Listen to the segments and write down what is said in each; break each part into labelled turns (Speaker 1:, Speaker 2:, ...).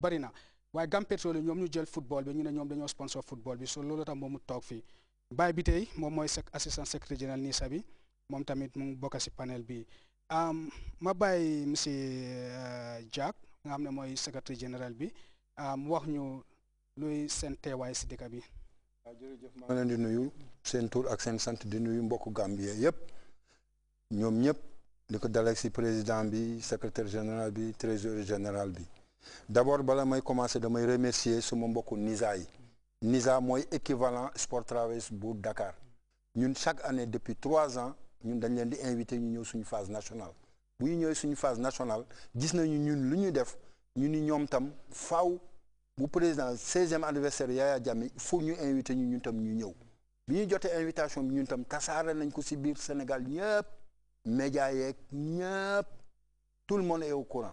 Speaker 1: bari na waaye Gam Petrol yi ñoom ñu jël football bi ñu ne ñoom dañoo sponsor football bi so loolu tax moom mu toog fii baay bi tey moom mooy sec assistant secrétaire général NISA bi moom tamit mu bokk si panel bi ma bàyyi monsieur Jack euh, nga xam ne mooy secrétaire général bi mu wax ñu luy seen teewaay si dëkk bi.
Speaker 2: waaw jërëjëf maa ngi leen di nuyu seen ak seen sant di nuyu mbokku Gambie yëpp ñoom ñëpp li ko dalee si président bi secrétaire général bi trésorier général bi. d'abord je may commencer remercier ce Nizaï est NISA équivalent Sport traverse pour Dakar chaque année depuis trois ans nous dañ invité sur phase nationale Nous sommes sur une phase nationale nous avons ñun ce def anniversaire Yaya nous ñu nous invitation ñun Sénégal média tout le monde est au courant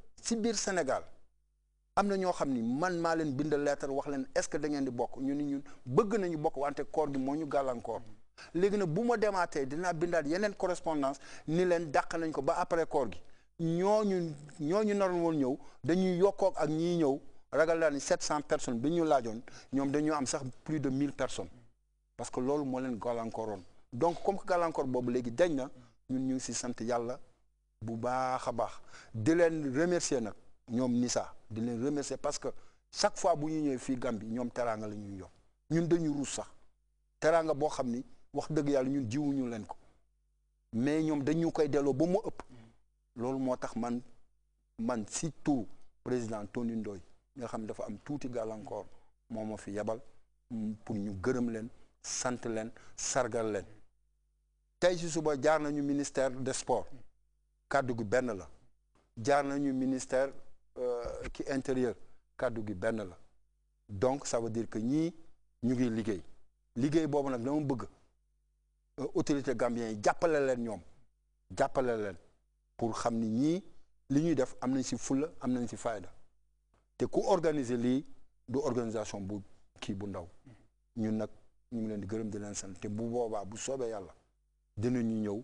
Speaker 2: si biir Sénégal am na ñoo xam ni man maa leen bind leetar wax leen est-ce que da ngeen di bokk ñu ni ñun bëgg nañu bokk wante koor gi moo ñu gàllankoor léegi nag bu ma demaatee dinaa bindaat yeneen correspondance ni leen dàq nañ ko ba après koor gi ñoo ñu naroon woon ñëw dañuy yokkook ak ñiy ñëw ragal naa ni 700 personnes bi ñu laajoon ñoom dañu am sax plus de mille personnes parce que loolu moo leen gàllankooroon donc comme que gàllankoor boobu léegi dañ na ñun ñu ngi si sant yàlla bu baax a baax di leen remercier nag ñoom Nissa di leen remercier parce que chaque fois bu ñu ñëwee fii Gambie ñoom teraanga la ñuy yokk ñun dañu ruus sax teraanga boo xam ni wax dëgg yàlla ñun jiwuñu leen ko mais ñoom dañu koy delloo ba mu ëpp loolu moo tax man man si surtout président Tony Ndoye nga xam dafa am tuuti gàllankoor moo ma fi yebal pour ñu gërëm leen sant leen sargal leen tey ci suba jaar nañu ministère de sport kàddu gi benn la jaar nañu ministère euh, ki intérieur kàddu gi benn la donc ça veut dire que ñii ñu ngi liggéey liggéey boobu nak dama bëgg euh autorité gambien jappalé jàppale leen ñoom jàppale leen pour xamni ni ñii def am ci fulla am ci fayda Té ku organiser li du organisation bu ki bu ndaw ñun nak ñu ngi leen di gëreum di leen sant te bu boobaa bu soobee yàlla dinañu ñëw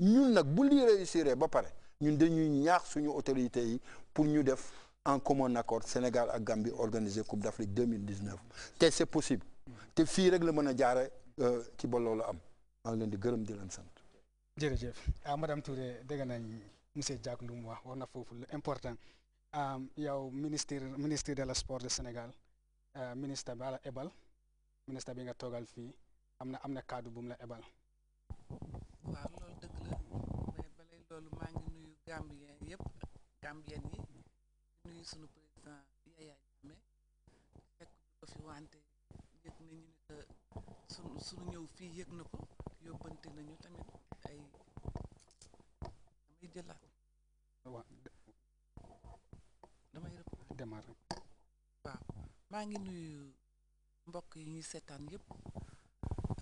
Speaker 2: ñun nag bu lii réussir ba pare ñun dañuy ñaax suñu autorité yi pour ñu def en commun accord Sénégal ak Gambie organiser Coupe d'Afrique 2019 te c'est possible te fii rek la mën a jaare euh, ci ba loolu am maa ngi leen di gërëm di sant.
Speaker 1: jërëjëf ah madame Touré dégg nañ monsieur Diack lu mu wax war na foofu lu important yow ministre ministre de la sport de Sénégal euh, ministre bi la ebal ministre bi nga toogal fii am na am na kàddu bu la ebal.
Speaker 3: loolu maa ngi nuyu Gambien yëpp Gambien yi nuyu sunu président Yaya Jammeh fekk ko fi wante yëg nañu ne que sunu ñëw fii yëg na ko yóbbante nañu tamit ay damay jëlaat. damay démarrer. waaw maa ngi nuyu mbokk yi ñuy seetaan yëpp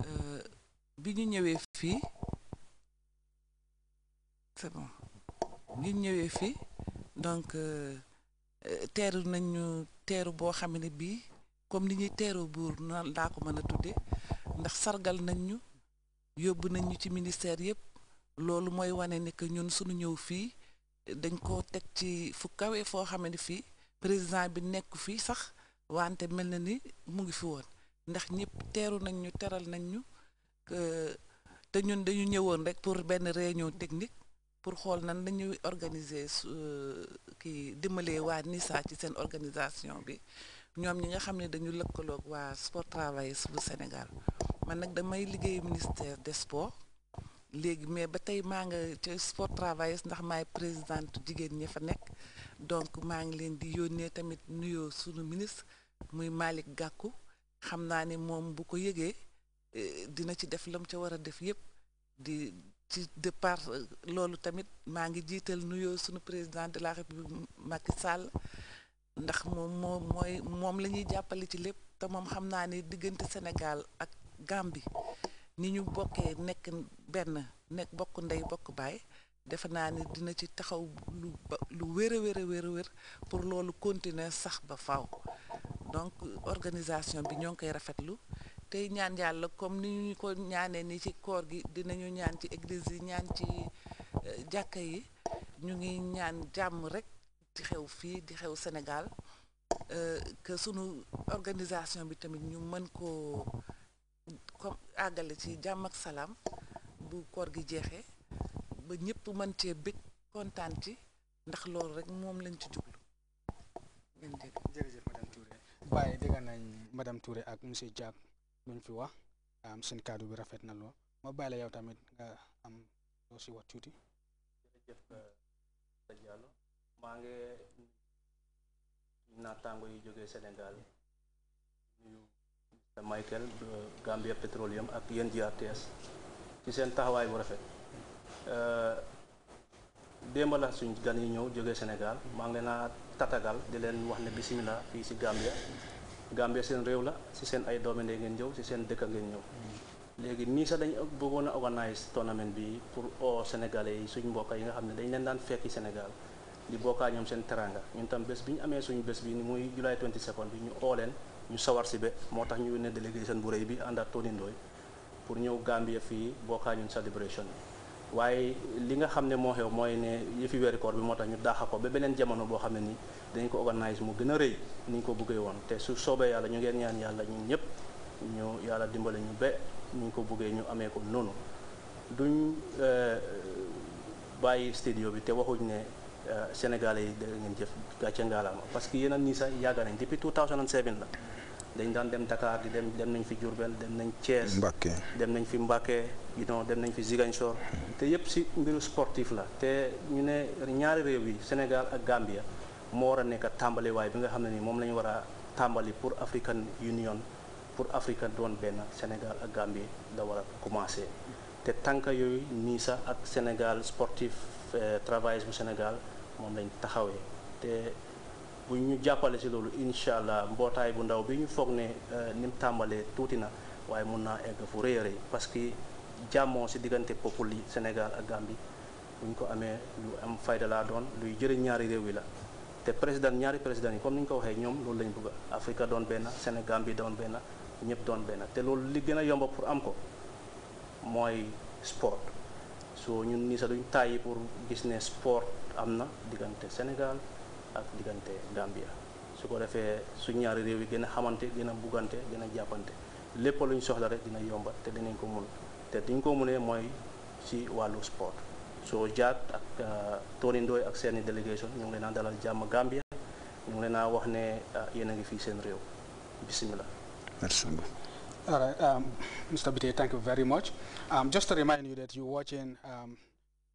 Speaker 3: euh, bi ñu ñëwee fii. c'est bon ñu ñëwee fii donc euh, euh, teeru nañ ñu teeru boo xam ne bii comme ni ñuy teeroo buur na laa ko mën a tudde ndax sargal nañ ñu yóbbu nañ ñu ci ministère yëpp loolu mooy wane ne que ñun suñu ñëw fii dañ koo teg ci fu kawee foo xam ne fii président bi nekku fii sax wante mel na ni mu ngi fi woon ndax ñëpp teeru nañ ñu teral nañ ñu te ñun dañu ñëwoon rek pour benn réunion technique pour xool nan dañuy ñuy organiser su euh, kii dimbalee waa NISA ci seen organisation bi ñoom ñi nga xam ne dañu lëkkalook waa sport travailleurs bu Sénégal man nag damay liggéey ministère des sports léegi mais ba tey maa nga ci sport travailleurs ndax may présidente jigéen ñi fa nekk donc maa ngi leen di yónnee tamit nuyoo suñu ministre muy Malick gàkku xam naa ni moom bu ko yëgee euh, dina ci def lam ca war a def yépp ci de euh, loolu tamit maa ngi jiital nuyoo suñu président de la république Macky Sall ndax moom mooy moom la ñuy jàppale ci lépp te moom xam naa ne diggante Sénégal ak Gambie ni ñu bokkee nekk benn nekk bokk ndey bokk baay defe naa ne dina ci taxaw lu lu wér a wér a wér a wér pour loolu continuer sax ba faaw donc organisation bi ñoo ngi koy rafetlu tey ñaan yàlla comme ni ñu ko ñaanee ni ci koor gi dinañu ñaan ci église yi ñaan ci euh, jàkka yi ñu ngi ñaan jàmm rek di xew fii di xew Sénégal euh, que sunu organisation bi tamit ñu mën koo comme àggale ci jàmm ak salaam bu koor gi jeexee ba ñëpp mën cee bég kontaan ci ndax loolu rek moom lañ ci jublu.
Speaker 1: jërëjëf madame Touré Baye dégg nañ madame Touré ak monsieur Diack luñ fi wax am seen kado bi rafet na lool ma bàyyi yow tamit nga am loo si wax tuuti
Speaker 4: jërëjëf euh, sa Diallo maa ngi jógee Sénégal nuyu Mr Michael euh, Gambia Petroleum ak yéen GRTS ci seen taxawaay bu rafet euh, démb la suñ gan yi ñëw jógee Sénégal maa ngi leen tatagal di leen wax ne bisimilah fii si Gambia Gambie seen réew la si seen ay doomi ndey ngeen ñëw ci seen dëkk ngeen ñëw léegi nii sax dañ bëggoon a organise tournament bi pour au Sénégalais yi suñ mbokk yi nga xam ne dañ leen daan fekki Sénégal di bokkaa ñoom seen teranga ñun tam bés bi ñu amee suñ bés bi ni muy July 22nd bi ñu oo leen ñu sawar si be moo tax ñu ne délégation bu rëy bi ànd ak Tony Ndoye pour ñëw Gambie fii bokkaa ñun celebration bi waaye li nga xam ne moo xew mooy ne yëfi weeru koor bi moo tax ñu daaxa ko ba beneen jamono boo xam ne ni dañ ko organise mu gën a rëy ni ñu ko buggee woon te su soobee yàlla ñu ngeen ñaan yàlla ñu ñëpp ñu yàlla dimbale ñu ba ni ñu ko buggee ñu amee ko noonu duñ euh, bàyyi studio bi te waxuñ ne euh, Sénégalais yi da ngeen jëf gàcce ngaalaama parce que yeneen nii sax yàgg nañ depuis 2007 la dañ daan dem Dakar di dem dem nañ fi Diourbel dem nañ Thiès. Mbacké dem nañ fi Mbacké you know dem nañ fi Ziguinchor. te yëpp si mbiru sportif la te ñu ne ñaari réew yi Sénégal ak Gambia moo war a nekk tàmbaliwaay bi nga xam ne ni moom la ñu war a tàmbali pour African Union pour african done benn Sénégal ak Gambie da war a commencé te tànk yooyu nii sax ak Sénégal sportif eh, travail bu Sénégal moom lañ taxawee bu ñu jàppale si loolu incha allah mbootaay bu ndaw bi ñu foog ne euh, ni mu tàmbalee tuuti na waaye mun naa egg fu rëy a rëy parce que jàmmoo si diggante peuple yi Sénégal ak Gambie bu ñu ko amee lu am fayda laa doon luy jëriñ ñaari réew yi la. te président ñaari président yi comme ni ñu ko waxee ñoom loolu lañ bëgg Afrique doon benn Sénégal bi doon benna ñëpp doon benn te loolu li gën a yomb pour am ko mooy sport so ñu nii sax duñ tàyyi pour gis ne sport am na diggante Sénégal. ak eh, diggante gambia su ko defee eh, su ñaari réew yi gën a xamante gën a buggante gën a jàppante lépp luñ soxla rek dina yomba te dinañ ko mun te diñ ko munee mooy ci wàllu sport soo jaat ak Tony Ndoye ak seeni délégation ñu ngi leen dalal jàmm Gambia ñu ngi leen a wax ne yéen a ngi fii seen réew bisimilah.
Speaker 2: merci
Speaker 1: All right, um, Mr. Bite, thank you very much. Um, just to remind you that you're watching um,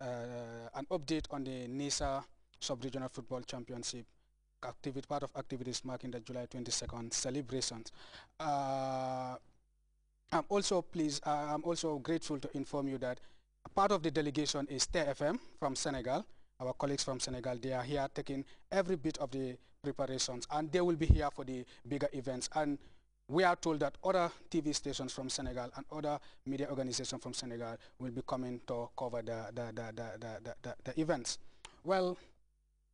Speaker 1: uh, an update on the NISA Sub-Regional Football Championship activity, part of activities marking the July 22nd celebrations. Uh, I'm also pleased, uh, I'm also grateful to inform you that part of the delegation is TFM from Senegal. Our colleagues from Senegal, they are here taking every bit of the preparations and they will be here for the bigger events. And we are told that other TV stations from Senegal and other media organizations from Senegal will be coming to cover the, the, the, the, the, the, the events. Well,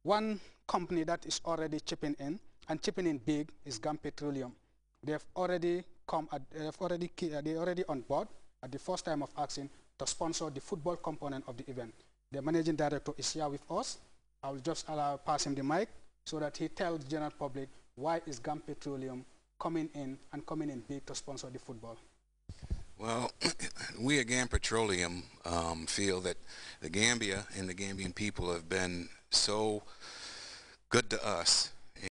Speaker 1: one company that is already chipping in, and chipping in big, is GAM Petroleum. They've already come, at, they've already, uh, they're already on board at the first time of asking to sponsor the football component of the event. The managing director is here with us. I will just allow, pass him the mic so that he tells the general public why is GAM Petroleum coming in and coming in big to sponsor the football. Well, we at GAM Petroleum um, feel that the Gambia and the Gambian people have been so good to us